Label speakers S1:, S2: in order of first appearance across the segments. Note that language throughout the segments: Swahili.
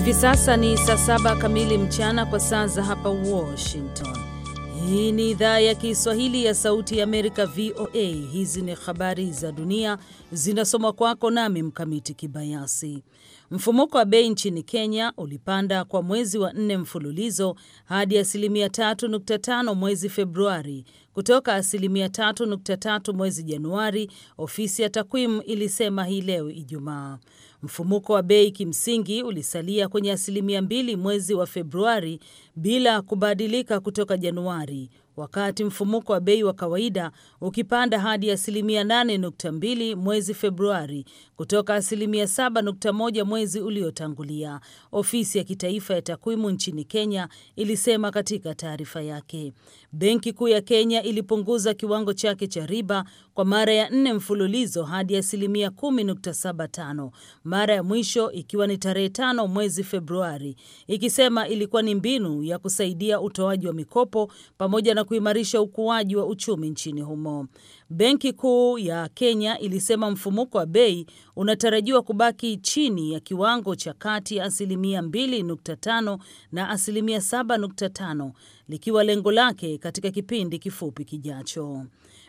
S1: Hivi sasa ni saa saba kamili mchana kwa saa za hapa Washington. Hii ni idhaa ya Kiswahili ya Sauti ya Amerika, VOA. Hizi ni habari za dunia zinasomwa kwako nami Mkamiti Kibayasi. Mfumuko wa bei nchini Kenya ulipanda kwa mwezi wa nne mfululizo hadi asilimia 3.5 mwezi Februari kutoka asilimia 3.3 mwezi Januari, ofisi ya takwimu ilisema hii leo Ijumaa. Mfumuko wa bei kimsingi ulisalia kwenye asilimia mbili mwezi wa Februari bila kubadilika kutoka Januari, wakati mfumuko wa bei wa kawaida ukipanda hadi asilimia 8.2 mwezi Februari kutoka asilimia 7.1 mwezi uliotangulia, ofisi ya kitaifa ya takwimu nchini Kenya ilisema katika taarifa yake. Benki Kuu ya Kenya ilipunguza kiwango chake cha riba kwa mara ya nne mfululizo hadi asilimia 10.75, mara ya mwisho ikiwa ni tarehe a mwezi Februari, ikisema ilikuwa ni mbinu ya kusaidia utoaji wa mikopo pamoja na kuimarisha ukuaji wa uchumi nchini humo. Benki Kuu ya Kenya ilisema mfumuko wa bei unatarajiwa kubaki chini ya kiwango cha kati ya asilimia 2.5 na asilimia 7.5 likiwa lengo lake katika kipindi kifupi kijacho.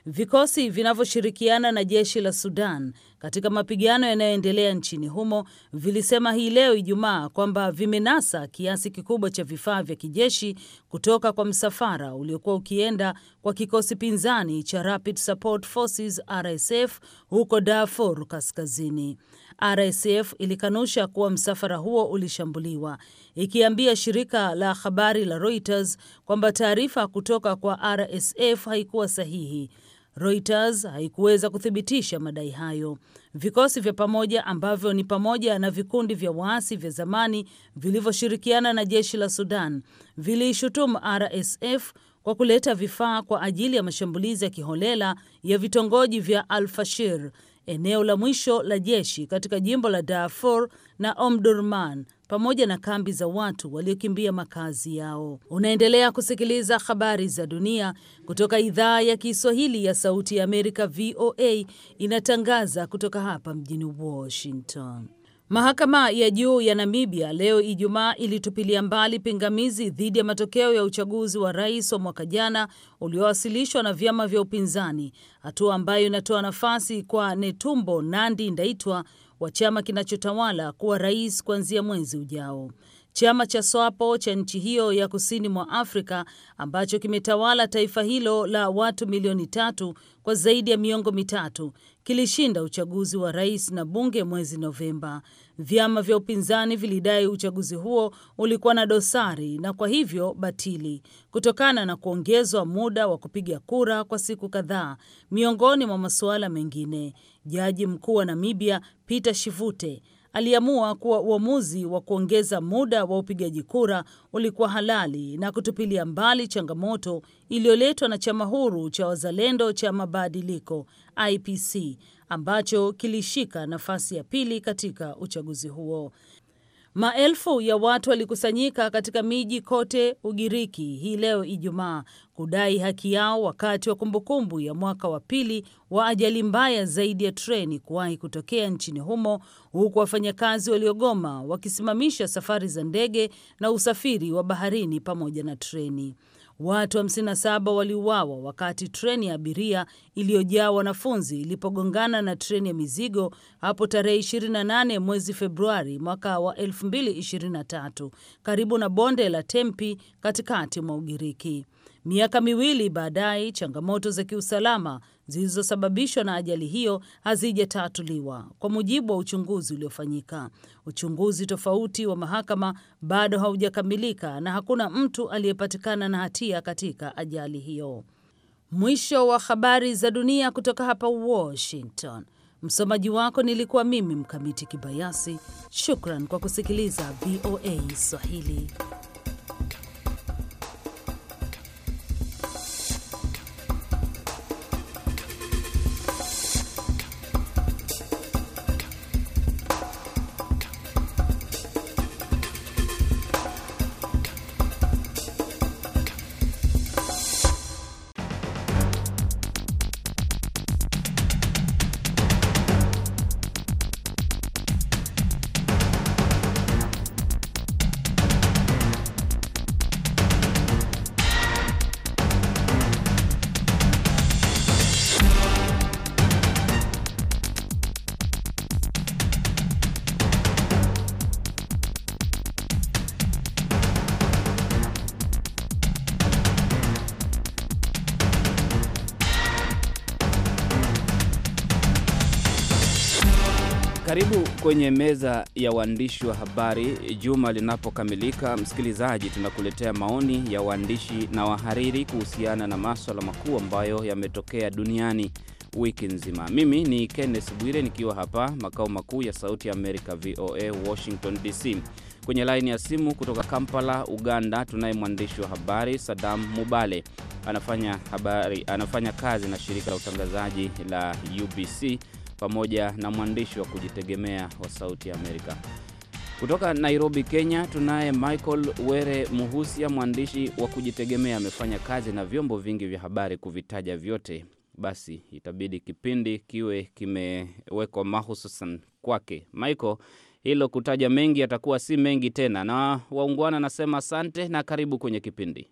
S1: Vikosi vinavyoshirikiana na jeshi la Sudan katika mapigano yanayoendelea nchini humo vilisema hii leo Ijumaa kwamba vimenasa kiasi kikubwa cha vifaa vya kijeshi kutoka kwa msafara uliokuwa ukienda kwa kikosi pinzani cha Rapid Support Forces RSF huko Darfur Kaskazini. RSF ilikanusha kuwa msafara huo ulishambuliwa, ikiambia shirika la habari la Reuters kwamba taarifa kutoka kwa RSF haikuwa sahihi. Reuters haikuweza kuthibitisha madai hayo. Vikosi vya pamoja ambavyo ni pamoja na vikundi vya waasi vya zamani vilivyoshirikiana na jeshi la Sudan viliishutumu RSF kwa kuleta vifaa kwa ajili ya mashambulizi ya kiholela ya vitongoji vya Al-Fashir eneo la mwisho la jeshi katika jimbo la Darfur na Omdurman pamoja na kambi za watu waliokimbia makazi yao. Unaendelea kusikiliza habari za dunia kutoka idhaa ya Kiswahili ya Sauti ya Amerika, VOA, inatangaza kutoka hapa mjini Washington. Mahakama ya juu ya Namibia leo Ijumaa ilitupilia mbali pingamizi dhidi ya matokeo ya uchaguzi wa rais wa mwaka jana uliowasilishwa na vyama vya upinzani, hatua ambayo inatoa nafasi kwa Netumbo Nandi Ndaitwa wa chama kinachotawala kuwa rais kuanzia mwezi ujao. Chama cha SWAPO cha nchi hiyo ya kusini mwa Afrika ambacho kimetawala taifa hilo la watu milioni tatu kwa zaidi ya miongo mitatu kilishinda uchaguzi wa rais na bunge mwezi Novemba. Vyama vya upinzani vilidai uchaguzi huo ulikuwa na dosari na kwa hivyo batili, kutokana na kuongezwa muda wa kupiga kura kwa siku kadhaa, miongoni mwa masuala mengine. Jaji mkuu wa Namibia Peter Shivute aliamua kuwa uamuzi wa kuongeza muda wa upigaji kura ulikuwa halali na kutupilia mbali changamoto iliyoletwa na chama huru cha wazalendo cha mabadiliko IPC ambacho kilishika nafasi ya pili katika uchaguzi huo. Maelfu ya watu walikusanyika katika miji kote Ugiriki hii leo Ijumaa kudai haki yao wakati wa kumbukumbu ya mwaka wa pili wa ajali mbaya zaidi ya treni kuwahi kutokea nchini humo, huku wafanyakazi waliogoma wakisimamisha safari za ndege na usafiri wa baharini pamoja na treni. Watu 57 wa waliuawa wakati treni ya abiria iliyojaa wanafunzi ilipogongana na treni ya mizigo hapo tarehe 28 mwezi Februari mwaka wa 2023 karibu na bonde la Tempi katikati mwa Ugiriki. Miaka miwili baadaye, changamoto za kiusalama zilizosababishwa na ajali hiyo hazijatatuliwa kwa mujibu wa uchunguzi uliofanyika. Uchunguzi tofauti wa mahakama bado haujakamilika na hakuna mtu aliyepatikana na hatia katika ajali hiyo. Mwisho wa habari za dunia kutoka hapa Washington. Msomaji wako nilikuwa mimi Mkamiti Kibayasi. Shukran kwa kusikiliza VOA Swahili.
S2: Karibu kwenye meza ya waandishi wa habari. Juma linapokamilika, msikilizaji, tunakuletea maoni ya waandishi na wahariri kuhusiana na maswala makuu ambayo yametokea duniani wiki nzima. Mimi ni Kenneth Bwire nikiwa hapa makao makuu ya Sauti ya Amerika, VOA Washington DC. Kwenye laini ya simu kutoka Kampala, Uganda, tunaye mwandishi wa habari Sadam Mubale. Anafanya habari, anafanya kazi na shirika la utangazaji la UBC pamoja na mwandishi wa kujitegemea wa Sauti ya Amerika. Kutoka Nairobi, Kenya, tunaye Michael Were Muhusia, mwandishi wa kujitegemea. Amefanya kazi na vyombo vingi vya habari, kuvitaja vyote basi itabidi kipindi kiwe kimewekwa mahususan kwake. Michael, hilo kutaja mengi yatakuwa si mengi tena, na waungwana nasema asante na karibu kwenye kipindi.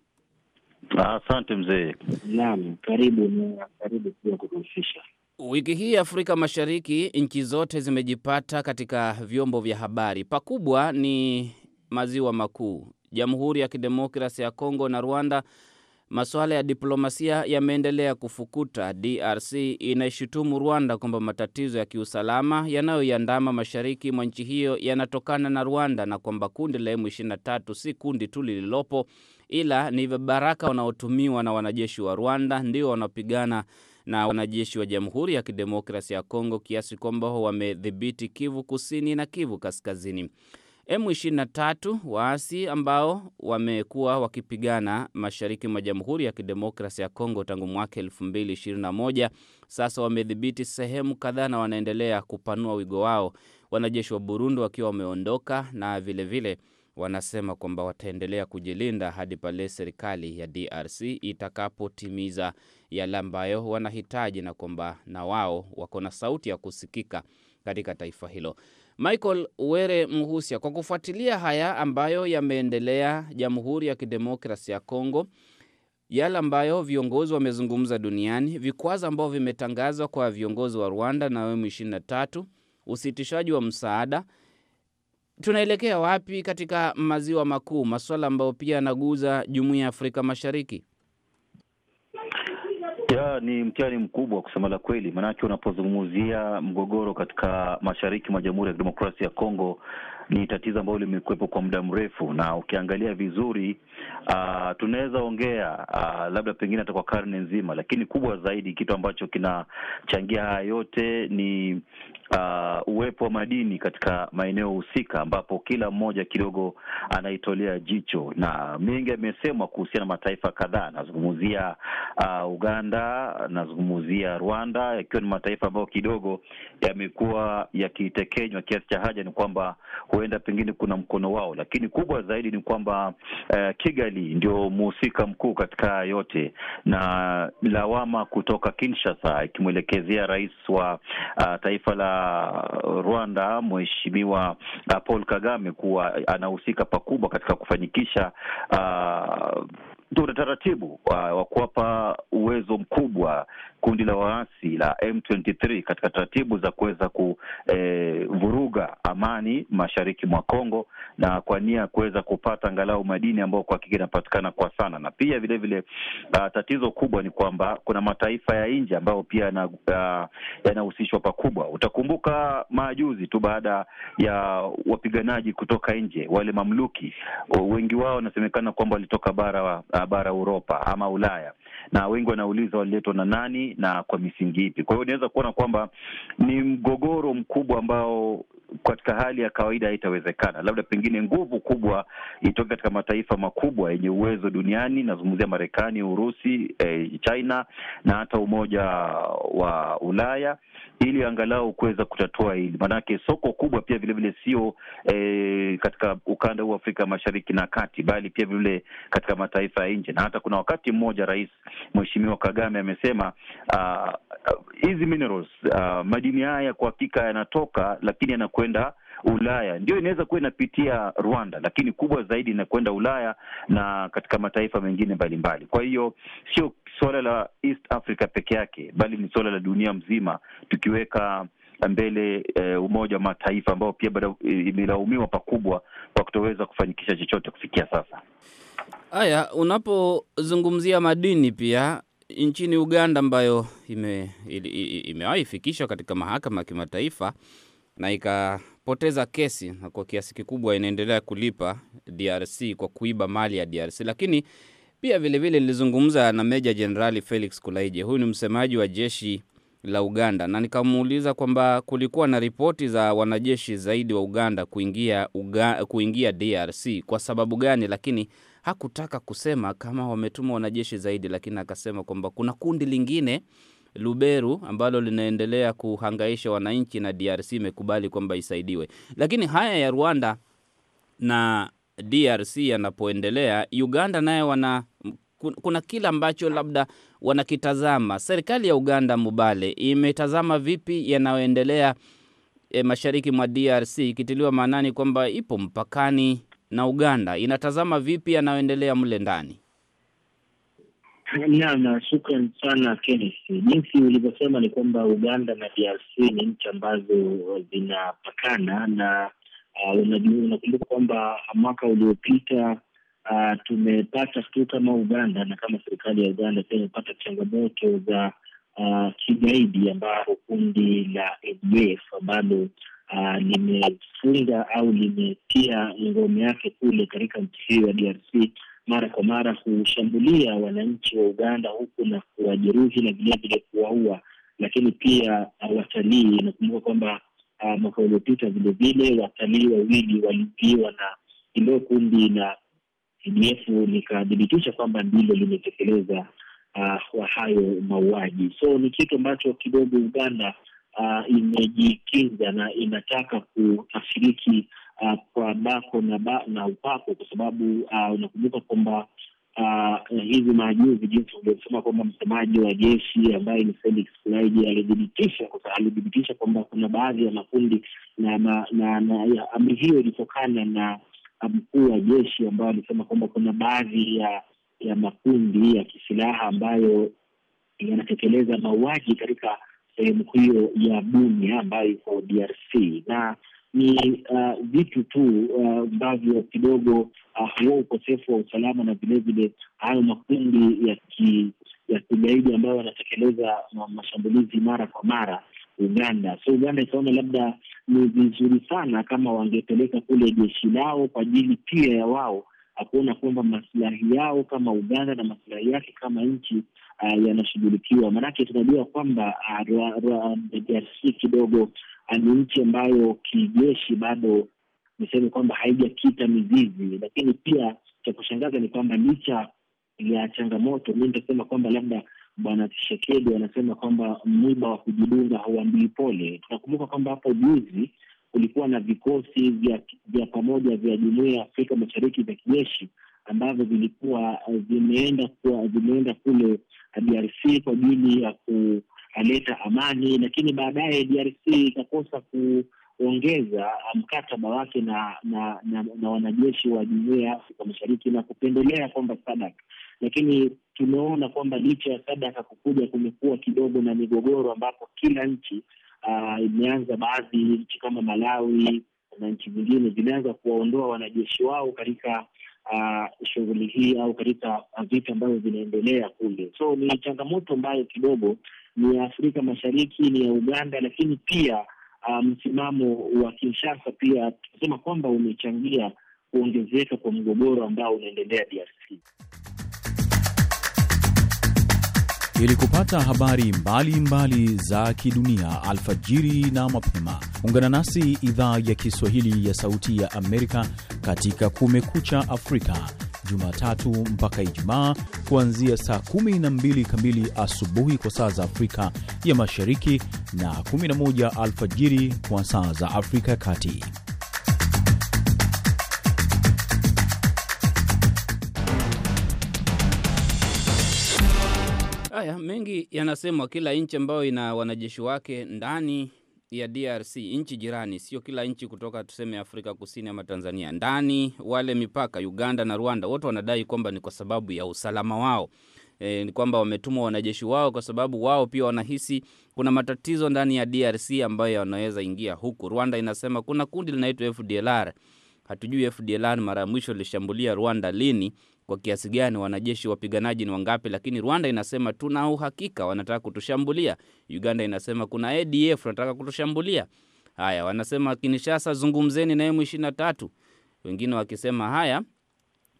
S2: Asante mzee.
S3: Naam, karibu na karibu
S1: pia kukuhusisha
S2: Wiki hii Afrika Mashariki, nchi zote zimejipata katika vyombo vya habari. Pakubwa ni maziwa makuu, Jamhuri ya Kidemokrasi ya Kongo na Rwanda. Masuala ya diplomasia yameendelea kufukuta. DRC inaishutumu Rwanda kwamba matatizo ya kiusalama yanayoiandama mashariki mwa nchi hiyo yanatokana na Rwanda na kwamba kundi la M23 si kundi tu lililopo, ila ni vibaraka wanaotumiwa na wanajeshi wa Rwanda ndio wanaopigana na wanajeshi wa Jamhuri ya Kidemokrasia ya Kongo kiasi kwamba wamedhibiti Kivu Kusini na Kivu Kaskazini. M23 waasi ambao wamekuwa wakipigana mashariki mwa Jamhuri ya Kidemokrasia ya Kongo tangu mwaka 2021 sasa wamedhibiti sehemu kadhaa na wanaendelea kupanua wigo wao, wanajeshi wa Burundi wakiwa wameondoka na vilevile vile wanasema kwamba wataendelea kujilinda hadi pale serikali ya DRC itakapotimiza yale ambayo wanahitaji na kwamba na wao wako na sauti ya kusikika katika taifa hilo. Michael Were Mhusia, kwa kufuatilia haya ambayo yameendelea Jamhuri ya Kidemokrasi ya Kongo, yale ambayo viongozi wamezungumza duniani, vikwazo ambavyo vimetangazwa kwa viongozi wa Rwanda na M23, usitishaji wa msaada tunaelekea wapi katika maziwa makuu, masuala ambayo pia yanaguza jumuiya ya Afrika Mashariki?
S4: Ya, ni mtihani mkubwa kusema la kweli, maanake unapozungumzia mgogoro katika mashariki mwa Jamhuri ya Kidemokrasia ya Kongo ni tatizo ambalo limekuwepo kwa muda mrefu, na ukiangalia vizuri Uh, tunaweza ongea uh, labda pengine hata kwa karne nzima, lakini kubwa zaidi kitu ambacho kinachangia haya yote ni uh, uwepo wa madini katika maeneo husika, ambapo kila mmoja kidogo anaitolea jicho, na mengi yamesemwa kuhusiana na mataifa kadhaa. Nazungumzia uh, Uganda, nazungumzia Rwanda, yakiwa ni mataifa ambayo kidogo yamekuwa yakitekenywa kiasi cha haja ni kwamba huenda pengine kuna mkono wao, lakini kubwa zaidi ni kwamba uh, Kigali ndio mhusika mkuu katika yote, na lawama kutoka Kinshasa ikimwelekezea rais wa uh, taifa la Rwanda mheshimiwa uh, Paul Kagame kuwa anahusika pakubwa katika kufanikisha uh, ndio utaratibu wa, wa kuwapa uwezo mkubwa kundi la waasi la M23 katika taratibu za kuweza kuvuruga e, amani mashariki mwa Kongo na kwa nia ya kuweza kupata angalau madini ambayo kwa hakika inapatikana kwa sana, na pia vilevile vile, uh, tatizo kubwa ni kwamba kuna mataifa ya nje ambayo pia yanahusishwa uh, pakubwa. Utakumbuka majuzi tu baada ya wapiganaji kutoka nje wale mamluki, wengi wao wanasemekana kwamba walitoka bara wa, uh, uh, bara Uropa ama Ulaya, na wengi wanauliza waliletwa na nani na kwa misingi ipi? Kwa hiyo unaweza kuona kwamba ni mgogoro mkubwa ambao katika hali ya kawaida haitawezekana. Labda pengine nguvu kubwa itoke katika mataifa makubwa yenye uwezo duniani, nazungumzia Marekani, Urusi, eh, China na hata Umoja wa Ulaya ili angalau kuweza kutatua hili, maanake soko kubwa pia vilevile sio e, katika ukanda huu wa Afrika Mashariki na Kati, bali pia vilevile katika mataifa ya nje, na hata kuna wakati mmoja Rais Mheshimiwa Kagame amesema ah, ah, hizi uh, minerals uh, madini haya kwa hakika yanatoka, lakini yanakwenda Ulaya ndio inaweza kuwa inapitia Rwanda, lakini kubwa zaidi inakwenda Ulaya na katika mataifa mengine mbalimbali. Kwa hiyo sio suala la East Africa peke yake, bali ni suala la dunia mzima, tukiweka mbele e, Umoja wa Mataifa ambao pia bado eh, imelaumiwa pakubwa kwa kutoweza kufanikisha chochote kufikia sasa.
S2: Haya, unapozungumzia madini pia nchini Uganda ambayo imewahi fikishwa katika mahakama ya kimataifa na ika kupoteza kesi na kwa kiasi kikubwa inaendelea kulipa DRC kwa kuiba mali ya DRC. Lakini pia vilevile nilizungumza na Meja Jenerali Felix Kulaije, huyu ni msemaji wa jeshi la Uganda, na nikamuuliza kwamba kulikuwa na ripoti za wanajeshi zaidi wa Uganda kuingia, Uga, kuingia DRC kwa sababu gani, lakini hakutaka kusema kama wametuma wanajeshi zaidi, lakini akasema kwamba kuna kundi lingine Luberu ambalo linaendelea kuhangaisha wananchi na DRC imekubali kwamba isaidiwe. Lakini haya ya Rwanda na DRC yanapoendelea, Uganda naye wana kuna kile ambacho labda wanakitazama. Serikali ya Uganda Mubale imetazama vipi yanayoendelea e, mashariki mwa DRC ikitiliwa maanani kwamba ipo mpakani na Uganda, inatazama vipi yanayoendelea mle ndani?
S3: Naam, shukran sana Kenneth. Jinsi ulivyosema ni kwamba Uganda na DRC ni nchi ambazo zinapakana na uh, unakumbuka kwamba mwaka uliopita uh, tumepata tu kama Uganda na kama serikali ya Uganda pia imepata changamoto za uh, kigaidi ambapo kundi la ADF ambalo uh, limefunga au limetia ngome yake kule katika nchi hiyo ya DRC mara kwa mara kushambulia wananchi wa Uganda huku na kuwajeruhi na vilevile kuwaua. Lakini pia uh, watalii, inakumbuka kwamba uh, mwaka uliopita vilevile watalii wawili waliuliwa na ilo kundi la df likadhibitisha kwamba ndilo limetekeleza uh, hayo mauaji. So ni kitu ambacho kidogo Uganda uh, imejikinza na inataka kuashiriki uh, kwa bako na, ba, na upako kwa sababu uh, unakumbuka kwamba uh, eh, hivi maajuzi jinsi ulivyosema kwamba msemaji wa jeshi ambaye ni Felix Laiji alithibitisha alithibitisha kwamba kuna baadhi ya makundi na, na, na, na amri hiyo ilitokana na uh, mkuu wa jeshi ambayo alisema kwamba kuna baadhi ya ya makundi ya kisilaha ambayo yanatekeleza mauaji katika sehemu hiyo ya Bunia ambayo iko DRC na ni uh, vitu tu ambavyo uh, kidogo huo uh, ukosefu wa usalama na vilevile hayo makundi ya ki, ya kigaidi ambayo wanatekeleza mashambulizi mara kwa mara Uganda. So Uganda ikaona labda ni vizuri sana kama wangepeleka kule jeshi lao kwa ajili pia ya wao akuona kwamba maslahi yao kama Uganda na masilahi yake kama nchi uh, yanashughulikiwa. Maanake tunajua kwamba uh, kidogo Ah, ni nchi ambayo kijeshi bado niseme kwamba haijakita mizizi, lakini pia cha kushangaza ni kwamba licha ya changamoto, mi nitasema kwamba labda Bwana Tshisekedi anasema kwamba mwiba wa kujidunga hauambii pole. Tunakumbuka kwamba hapo juzi kulikuwa na vikosi vya, vya pamoja vya Jumuiya ya Afrika Mashariki vya kijeshi ambavyo vilikuwa eh, vimeenda kuwa, vimeenda kule eh, DRC kwa ajili ya ku aleta amani, lakini baadaye DRC ikakosa kuongeza uh, mkataba wake na na, na, na wanajeshi wa jumuiya ya Afrika Mashariki na kupendelea kwamba SADC, lakini tumeona kwamba licha ya SADC kukuja kumekuwa kidogo na migogoro ambapo kila nchi uh, imeanza baadhi nchi kama Malawi na nchi zingine zimeanza kuwaondoa wanajeshi wao katika uh, shughuli hii au katika vita ambavyo vinaendelea kule. So ni changamoto ambayo kidogo ni ya Afrika Mashariki, ni ya Uganda, lakini pia uh, msimamo um, wa Kinshasa pia tunasema kwamba umechangia kuongezeka kwa mgogoro ambao unaendelea DRC.
S4: Ili kupata habari mbalimbali mbali za kidunia alfajiri na mapema, ungana nasi idhaa ya Kiswahili ya Sauti ya Amerika katika Kumekucha Afrika Jumatatu mpaka Ijumaa kuanzia saa 12 kamili asubuhi kwa saa za Afrika ya Mashariki na 11 alfajiri kwa saa za Afrika ya Kati.
S2: Haya mengi yanasemwa, kila nchi ambayo ina wanajeshi wake ndani ya DRC, nchi jirani, sio kila nchi kutoka tuseme Afrika Kusini ama Tanzania, ndani wale mipaka Uganda na Rwanda, wote wanadai kwamba ni kwa sababu ya usalama wao e, ni kwamba wametumwa wanajeshi wao kwa sababu wao pia wanahisi kuna matatizo ndani ya DRC ambayo yanaweza ingia huku. Rwanda inasema kuna kundi linaitwa FDLR. Hatujui FDLR mara ya mwisho lilishambulia Rwanda lini, kwa kiasi gani wanajeshi wapiganaji ni wangapi, lakini Rwanda inasema tuna uhakika wanataka kutushambulia. Uganda inasema kuna ADF wanataka kutushambulia. Haya, wanasema Kinshasa, zungumzeni na M23. Wengine wakisema haya,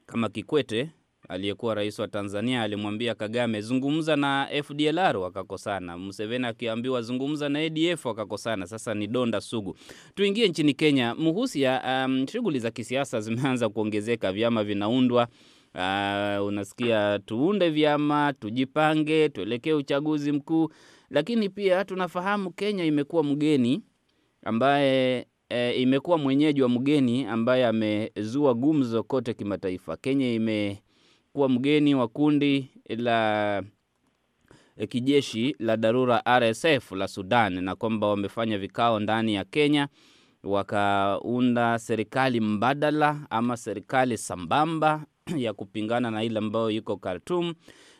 S2: kama Kikwete aliyekuwa rais wa Tanzania alimwambia Kagame zungumza na FDLR wakakosana. Museveni akiambiwa zungumza na ADF wakakosana. Sasa ni donda sugu. Tuingie nchini Kenya. Muhusia, um, shughuli za kisiasa zimeanza kuongezeka, vyama vinaundwa Uh, unasikia tuunde vyama, tujipange, tuelekee uchaguzi mkuu, lakini pia tunafahamu Kenya imekuwa mgeni ambaye e, imekuwa mwenyeji wa mgeni ambaye amezua gumzo kote kimataifa. Kenya imekuwa mgeni wa kundi la eh, kijeshi la dharura RSF la Sudan, na kwamba wamefanya vikao ndani ya Kenya wakaunda serikali mbadala ama serikali sambamba ya kupingana na ile ambayo iko Khartoum,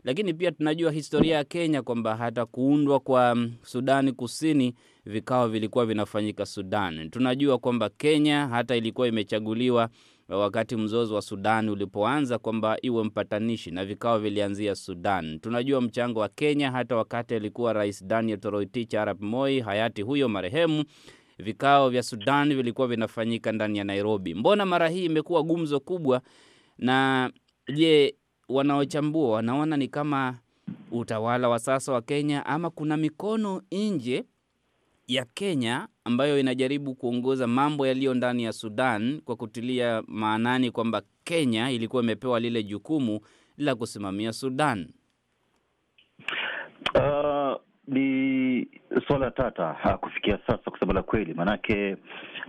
S2: lakini pia tunajua historia ya Kenya kwamba hata kuundwa kwa mm, Sudani Kusini vikao vilikuwa vinafanyika Sudan. Tunajua kwamba Kenya hata ilikuwa imechaguliwa wakati mzozo wa Sudan ulipoanza kwamba iwe mpatanishi na vikao vilianzia Sudan. Tunajua mchango wa Kenya hata wakati alikuwa Rais Daniel Toroitich Arap Moi, hayati huyo marehemu vikao vya Sudan vilikuwa vinafanyika ndani ya Nairobi. Mbona mara hii imekuwa gumzo kubwa na je, wanaochambua wanaona ni kama utawala wa sasa wa Kenya ama kuna mikono nje ya Kenya ambayo inajaribu kuongoza mambo yaliyo ndani ya Sudan kwa kutilia maanani kwamba Kenya ilikuwa imepewa lile jukumu la kusimamia Sudan?
S4: Uh, ni Swala tata kufikia sasa, kusema la kweli, maanake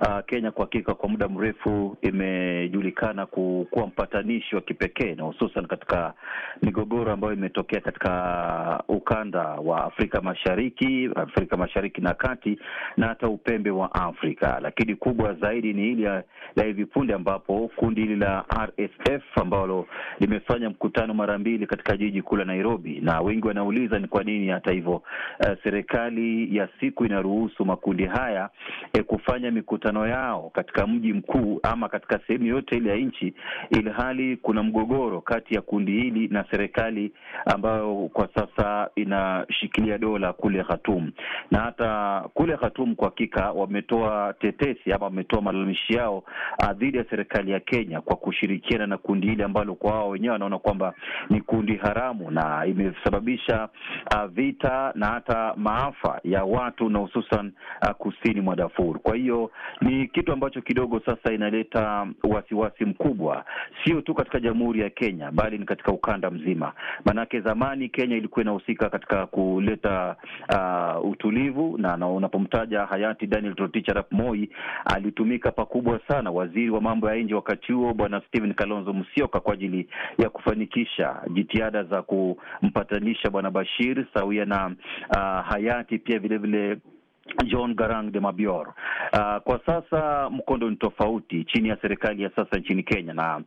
S4: uh, ah, Kenya kwa hakika kwa muda mrefu imejulikana kuwa mpatanishi wa kipekee na hususan katika migogoro ambayo imetokea katika ukanda wa Afrika Mashariki, Afrika Mashariki na Kati na hata upembe wa Afrika, lakini kubwa zaidi ni ile la hivi punde ambapo kundi hili la RSF ambalo limefanya mkutano mara mbili katika jiji kuu la Nairobi, na wengi wanauliza ni kwa nini hata hivyo uh, serikali ya siku inaruhusu makundi haya e, kufanya mikutano yao katika mji mkuu ama katika sehemu yote ile ya nchi, ilhali kuna mgogoro kati ya kundi hili na serikali ambayo kwa sasa inashikilia dola kule Khartoum. Na hata kule Khartoum kwa hakika wametoa tetesi ama wametoa malalamishi yao ah, dhidi ya serikali ya Kenya kwa kushirikiana na kundi hili ambalo kwa wao wenyewe wanaona kwamba ni kundi haramu na imesababisha ah, vita na hata maafa ya watu na hususan uh, kusini mwa Darfur. Kwa hiyo ni kitu ambacho kidogo sasa inaleta wasiwasi mkubwa, sio tu katika Jamhuri ya Kenya bali ni katika ukanda mzima, maanake zamani Kenya ilikuwa inahusika katika kuleta uh, utulivu na, na unapomtaja hayati Daniel Toroitich arap Moi alitumika pakubwa sana, waziri wa mambo ya nje wakati huo Bwana Stephen Kalonzo Musyoka kwa ajili ya kufanikisha jitihada za kumpatanisha Bwana Bashir sawia na uh, hayati kupitia vilevile John Garang de Mabior. Uh, kwa sasa mkondo ni tofauti chini ya serikali ya sasa nchini Kenya na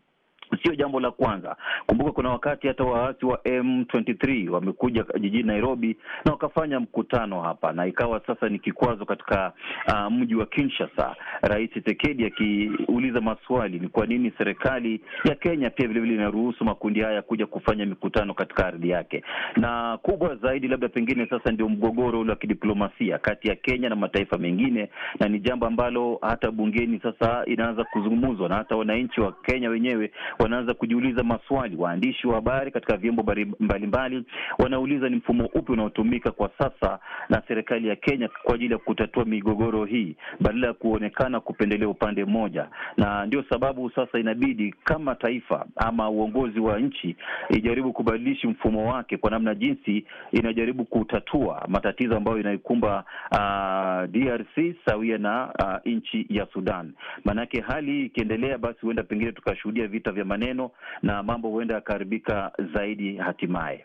S4: Sio jambo la kwanza. Kumbuka kuna wakati hata waasi wa M23 wamekuja jijini Nairobi na wakafanya mkutano hapa, na ikawa sasa ni kikwazo katika uh, mji wa Kinshasa, Rais Tshisekedi akiuliza maswali, ni kwa nini serikali ya Kenya pia vilevile inaruhusu makundi haya kuja kufanya mikutano katika ardhi yake. Na kubwa zaidi, labda pengine sasa ndio mgogoro ule wa kidiplomasia kati ya Kenya na mataifa mengine, na ni jambo ambalo hata bungeni sasa inaanza kuzungumzwa na hata wananchi wa Kenya wenyewe wanaanza kujiuliza maswali. Waandishi wa habari katika vyombo mbalimbali wanauliza ni mfumo upi unaotumika kwa sasa na serikali ya Kenya kwa ajili ya kutatua migogoro hii, badala ya kuonekana kupendelea upande mmoja. Na ndio sababu sasa inabidi kama taifa ama uongozi wa nchi ijaribu kubadilishi mfumo wake kwa namna jinsi inajaribu kutatua matatizo ambayo inaikumba uh, ah, DRC sawia na uh, nchi ya Sudan. Maanake hali hii ikiendelea, basi huenda pengine tukashuhudia vita vya yale maneno na mambo huenda yakaharibika
S2: zaidi hatimaye.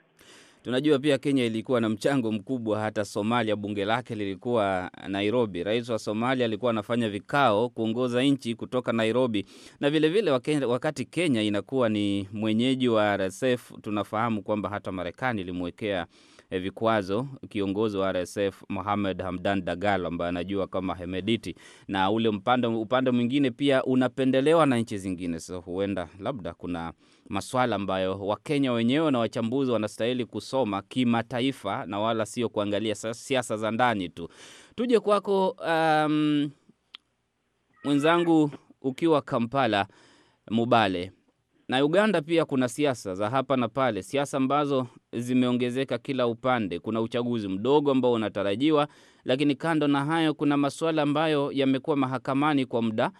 S2: Tunajua pia Kenya ilikuwa na mchango mkubwa, hata Somalia bunge lake lilikuwa Nairobi. Rais wa Somalia alikuwa anafanya vikao kuongoza nchi kutoka Nairobi, na vilevile vile wakati Kenya inakuwa ni mwenyeji wa RSF, tunafahamu kwamba hata Marekani ilimwekea E, vikwazo kiongozi wa RSF Mohamed Hamdan Dagalo ambaye anajua kama Hemediti, na ule upande upande mwingine pia unapendelewa na nchi zingine. Sasa so, huenda labda kuna maswala ambayo Wakenya wenyewe na wachambuzi wanastahili kusoma kimataifa na wala sio kuangalia siasa za ndani tu. Tuje kwako um, mwenzangu ukiwa Kampala Mubale na Uganda pia kuna siasa za hapa na pale, siasa ambazo zimeongezeka kila upande. Kuna uchaguzi mdogo ambao unatarajiwa, lakini kando na hayo, kuna masuala ambayo yamekuwa mahakamani kwa muda,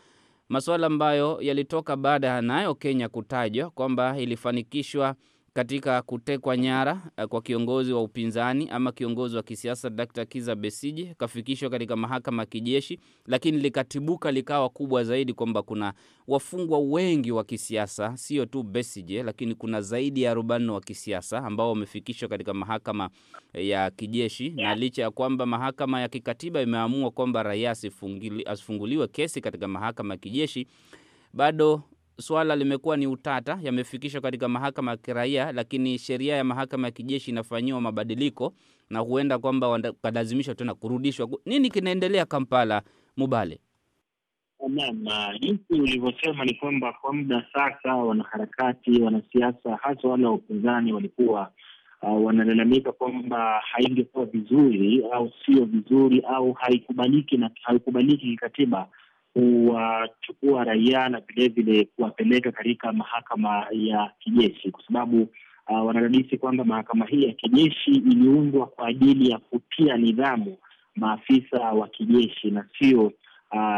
S2: masuala ambayo yalitoka baada ya nayo Kenya kutajwa kwamba ilifanikishwa katika kutekwa nyara eh, kwa kiongozi wa upinzani ama kiongozi wa kisiasa Dr. Kiza Besije kafikishwa katika mahakama ya kijeshi, lakini likatibuka likawa kubwa zaidi kwamba kuna wafungwa wengi wa kisiasa, sio tu Besije, lakini kuna zaidi ya arobaini wa kisiasa ambao wamefikishwa katika mahakama eh, ya kijeshi, na licha ya kwamba mahakama ya kikatiba imeamua kwamba raia asifunguliwe kesi katika mahakama ya kijeshi bado suala limekuwa ni utata, yamefikishwa katika mahakama ya kiraia, lakini sheria ya mahakama ya kijeshi inafanyiwa mabadiliko na huenda kwamba wakalazimishwa tena kurudishwa. Nini kinaendelea Kampala, Mubale?
S3: Naam, jinsi ulivyosema ni kwamba kwa muda sasa wanaharakati, wanasiasa, hasa wale wa upinzani walikuwa uh, wanalalamika kwamba haingekuwa vizuri au sio vizuri au haikubaliki na haikubaliki kikatiba kuwachukua raia na vilevile kuwapeleka katika mahakama ya kijeshi kwa sababu uh, wanadadisi kwamba mahakama hii ya kijeshi iliundwa kwa ajili ya kutia nidhamu maafisa wa kijeshi na sio uh,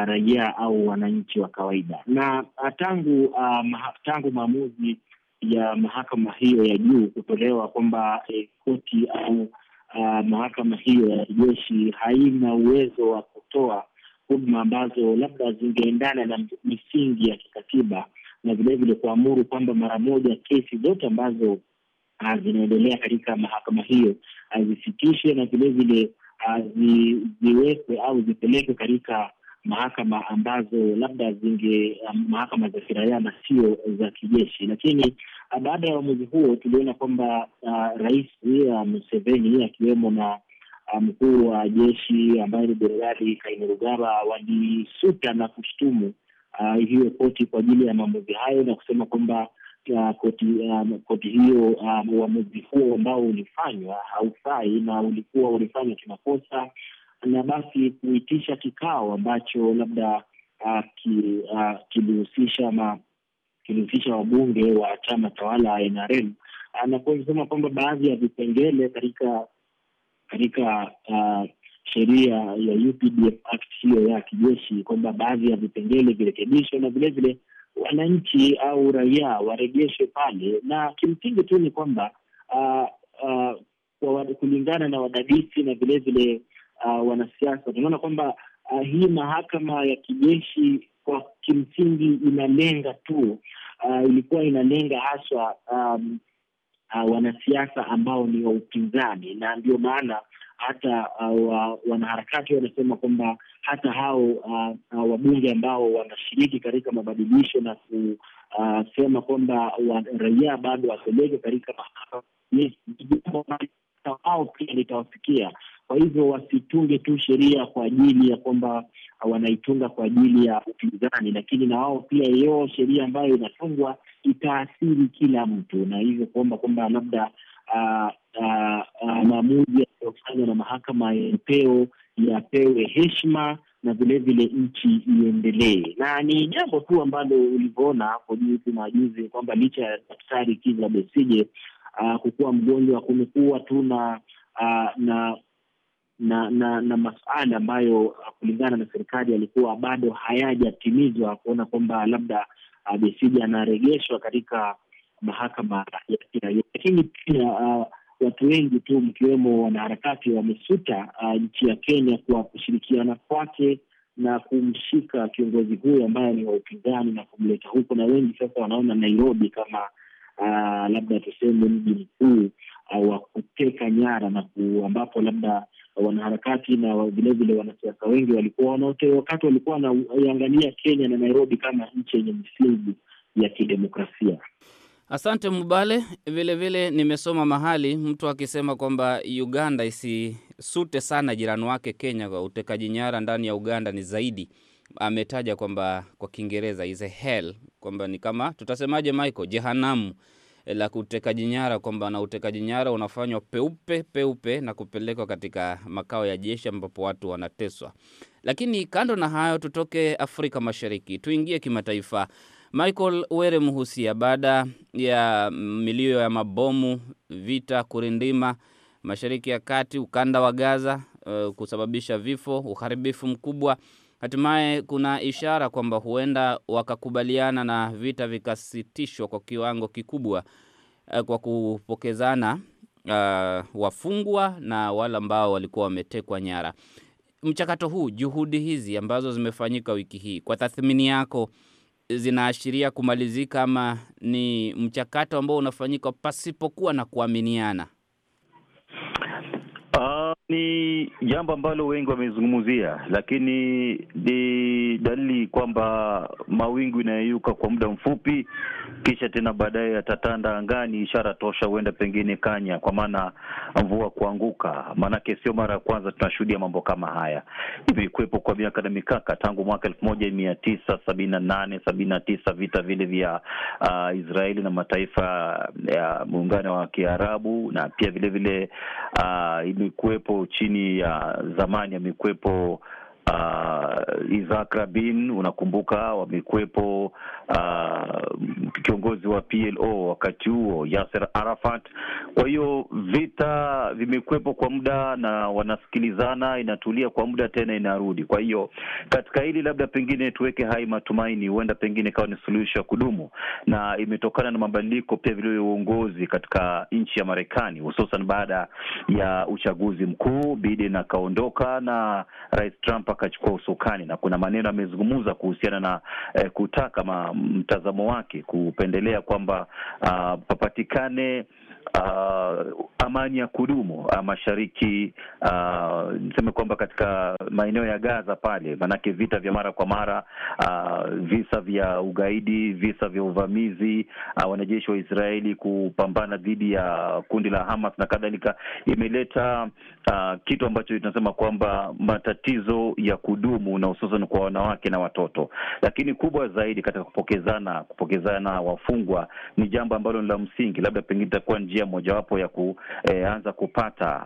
S3: raia au wananchi wa kawaida. Na uh, tangu uh, maha, tangu maamuzi ya mahakama hiyo ya juu kutolewa kwamba eh, koti au uh, mahakama hiyo ya kijeshi haina uwezo wa kutoa huduma ambazo labda zingeendana na misingi ya kikatiba na vilevile kuamuru kwamba mara moja kesi zote ambazo ah, zinaendelea katika mahakama hiyo ah, zisitishe na vilevile ah, ziwekwe au zipelekwe katika mahakama ambazo labda zinge mahakama za kiraia na sio za kijeshi. Lakini baada ya uamuzi huo tuliona kwamba uh, Rais uh, Museveni akiwemo na Uh, mkuu wa jeshi ambaye ni Jenerali Kainerugaba walisuta na kushtumu uh, hiyo koti kwa ajili ya maamuzi hayo na kusema kwamba uh, koti, um, koti hiyo um, uamuzi um, huo ambao ulifanywa haufai na ulikuwa ulifanywa kimakosa, na basi kuitisha kikao ambacho labda uh, ki, uh, kilihusisha ma kilihusisha wabunge wa chama tawala NRM, uh, na kusema kwamba baadhi ya vipengele katika katika uh, sheria ya UPDF Act hiyo ya kijeshi kwamba baadhi ya vipengele virekebishwe na vilevile wananchi au raia warejeshwe pale, na kimsingi tu ni kwamba uh, uh, kulingana na wadadisi na vilevile uh, wanasiasa tunaona kwamba uh, hii mahakama ya kijeshi kwa kimsingi inalenga tu uh, ilikuwa inalenga haswa um, uh, wanasiasa ambao ni wa upinzani, na ndio maana hata uh, wanaharakati wanasema kwamba hata hao uh, uh, wabunge ambao wanashiriki katika mabadilisho na kusema uh, kwamba raia bado wapeleke katika mahakama, yes, pia litawafikia kwa hivyo wasitunge tu sheria kwa ajili ya kwamba wanaitunga kwa ajili ya upinzani, lakini na wao pia hiyo sheria ambayo inatungwa itaathiri kila mtu, na hivyo kuomba kwamba labda ah, ah, ah, maamuzi yanayofanywa na mahakama ya upeo yapewe heshima na vilevile nchi iendelee, na ni jambo tu ambalo ulivyoona hapo juzi majuzi kwamba licha ya Daktari Kizza Besigye kukuwa mgonjwa, kumekuwa tu na na na na na masuala ambayo uh, kulingana na serikali yalikuwa bado hayajatimizwa, kuona kwamba labda uh, Besigye katika mahakama ya kiraia. Lakini pia uh, watu wengi tu mkiwemo wanaharakati wamesuta uh, nchi ya Kenya kwa kushirikiana kwake na kumshika kiongozi huyu ambaye ni wa upinzani na kumleta huko, na wengi sasa wanaona Nairobi kama uh, labda tuseme mji mkuu uh, wa kuteka nyara na ku, ambapo labda wanaharakati na vilevile wanasiasa wengi walikuwa wanaote, wakati walikuwa wanaiangalia Kenya na Nairobi kama nchi yenye misingi ya kidemokrasia.
S2: Asante Mubale. Vilevile vile, nimesoma mahali mtu akisema kwamba Uganda isisute sana jirani wake Kenya kwa utekaji nyara ndani ya Uganda ni zaidi. Ametaja kwamba kwa Kiingereza is a hell, kwamba ni kama tutasemaje, Michael, jehanamu Eh, la kutekaji nyara, kwamba na utekaji nyara unafanywa peupe peupe na kupelekwa katika makao ya jeshi ambapo watu wanateswa. Lakini kando na hayo, tutoke Afrika Mashariki tuingie kimataifa. Michael Were Muhusia, baada ya milio ya mabomu, vita kurindima mashariki ya kati, ukanda wa Gaza, uh, kusababisha vifo, uharibifu mkubwa Hatimaye kuna ishara kwamba huenda wakakubaliana na vita vikasitishwa kwa kiwango kikubwa eh, kwa kupokezana uh, wafungwa na wale ambao walikuwa wametekwa nyara. Mchakato huu, juhudi hizi ambazo zimefanyika wiki hii, kwa tathmini yako zinaashiria kumalizika ama ni mchakato ambao unafanyika pasipokuwa na kuaminiana?
S4: Ni jambo ambalo wengi wamezungumzia, lakini ni dalili kwamba mawingu inayeyuka kwa muda mfupi, kisha tena baadaye yatatanda angani, ishara tosha, huenda pengine kanya, kwa maana mvua kuanguka. Maanake sio mara ya kwanza tunashuhudia mambo kama haya, imekuwepo kwa miaka na mikaka, tangu mwaka elfu moja mia tisa sabini na nane sabini na tisa vita vile vya uh, Israeli na mataifa ya uh, muungano wa Kiarabu, na pia vilevile uh, imekuwepo ambapo chini ya zamani amekuwepo uh, Isaac Rabin, unakumbuka wamekwepo uh, kiongozi wa PLO wakati huo Yasser Arafat. Kwa hiyo vita vimekwepo kwa muda na wanasikilizana, inatulia kwa muda tena inarudi. Kwa hiyo katika hili labda pengine tuweke hai matumaini, huenda pengine ikawa ni suluhisho ya kudumu, na imetokana na mabadiliko pia vile uongozi katika nchi ya Marekani, hususan baada ya uchaguzi mkuu. Biden akaondoka na Rais Trump mpaka achukua usukani, na kuna maneno amezungumza kuhusiana na eh, kutaka ma, mtazamo wake kupendelea kwamba uh, papatikane uh, amani ya kudumu uh, mashariki uh, niseme kwamba katika maeneo ya Gaza pale, maanake vita vya mara kwa mara uh, visa vya ugaidi, visa vya uvamizi uh, wanajeshi wa Israeli kupambana dhidi ya kundi la Hamas na kadhalika, imeleta uh, kitu ambacho tunasema kwamba matatizo ya kudumu na hususan kwa wanawake na watoto, lakini kubwa zaidi katika kupokezana kupokezana wafungwa ni jambo ambalo ni la msingi, labda pengine itakuwa njia mojawapo ya kuanza eh, e, kupata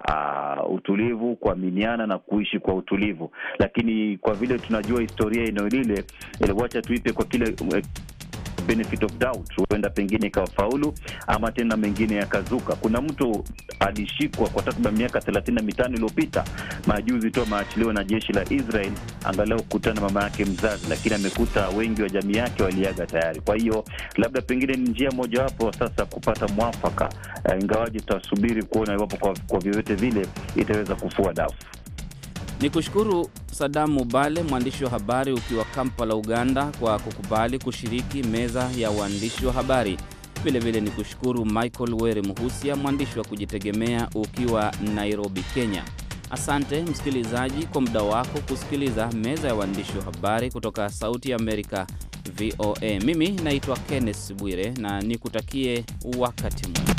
S4: uh, utulivu, kuaminiana na kuishi kwa utulivu, lakini kwa vile tunajua historia eneo lile, eh, wacha tuipe kwa kile eh, benefit of doubt, huenda pengine ikawafaulu ama tena mengine yakazuka. Kuna mtu alishikwa kwa takriban miaka thelathini na mitano iliyopita, majuzi tu ameachiliwa na jeshi la Israel angalau kukutana mama yake mzazi, lakini amekuta wengi wa jamii yake waliaga tayari. Kwa hiyo labda pengine ni njia mojawapo sasa kupata mwafaka, eh, ingawaji tutasubiri kuona iwapo kwa, kwa vyovyote vile itaweza kufua dafu.
S2: Ni kushukuru Sadamu Bale, mwandishi wa habari ukiwa Kampala, Uganda, kwa kukubali kushiriki meza ya waandishi wa habari. Vilevile ni kushukuru Michael Were Muhusia, mwandishi wa kujitegemea ukiwa Nairobi, Kenya. Asante msikilizaji kwa muda wako kusikiliza meza ya waandishi wa habari kutoka Sauti Amerika, VOA. Mimi naitwa kennes Bwire na nikutakie wakati mwema.